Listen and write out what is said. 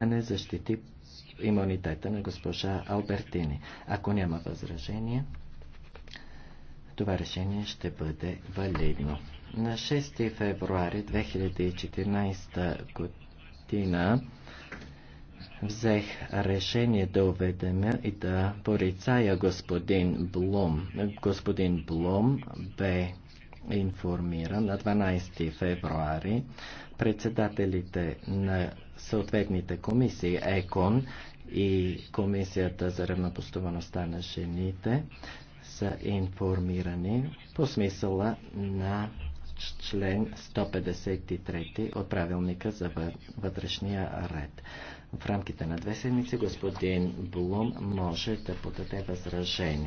не защити имунитета на госпожа Албертини. Ако няма възражение, това решение ще бъде валидно. На 6 февруари 2014 година взех решение да уведемя и да порицая господин Блум. Господин Блум бе информира на 12 февруари председателите на съответните комисии ЕКОН и Комисията за равнопоставеността на жените са информирани по смисъла на член 153 от правилника за вътрешния ред. В рамките на две седмици господин Блум може да подаде възражение.